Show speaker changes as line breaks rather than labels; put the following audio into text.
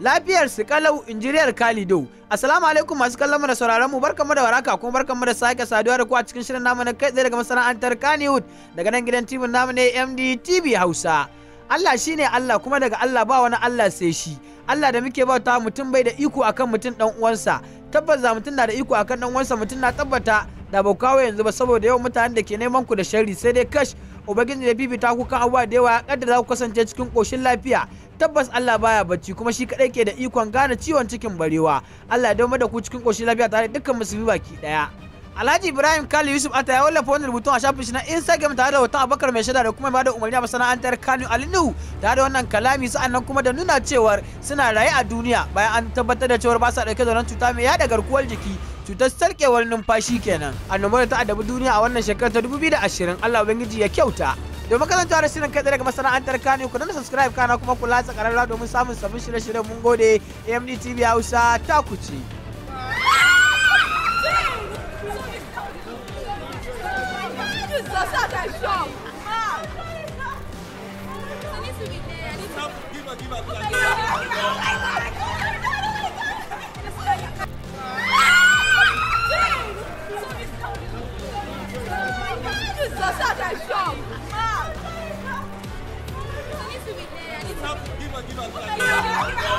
lafiyar su kalau injiriyar kalido assalamu alaikum masu kallon mu da sauraron mu barkamu da waraka kuma barkamu da sake saduwa da ku a cikin shirin namu na kai tsaye daga masana'antar kaniwood daga nan gidan tv namu ne mdtv hausa allah shine allah kuma daga allah ba wani allah sai shi allah da muke bauta mutum bai da iko akan mutum dan uwansa tabbas za mutum na da iko akan dan uwansa mutum na tabbata da ba kawo yanzu ba saboda yawan mutanen da ke neman ku da sharri sai dai kash ubangiji ya bibita ku kan abubuwa da yawa ya kaddara za ku kasance cikin koshin lafiya tabbas Allah baya bacci kuma shi kadai ke da ikon gane ciwon cikin barewa Allah ya dawo da ku cikin koshin lafiya tare da dukkan musulmi baki daya Alhaji Ibrahim Kalu Yusuf Ata ya wallafa wannan rubutun a shafin shi na Instagram tare da wata Abubakar mai shaida da kuma ba da umarni a masana'antar Kano Alinu tare da wannan kalami sa'annan kuma da nuna cewar suna raye a duniya bayan an tabbatar da cewar ba sa dauke da wannan cuta mai yada garkuwar jiki cutar sarkewar numfashi kenan annobar da ta adabi duniya a wannan shekarar ta 2020 Allah ubangiji ya kyauta domin kasancewa da shirin kai daga masana'antar kano ku dana subscribe kana kuma kula tsakararra domin samun sabbin shirye-shiryen mun gode AMD TV Hausa ta ku Give is such a and Mom. I need to be there. give her, give her.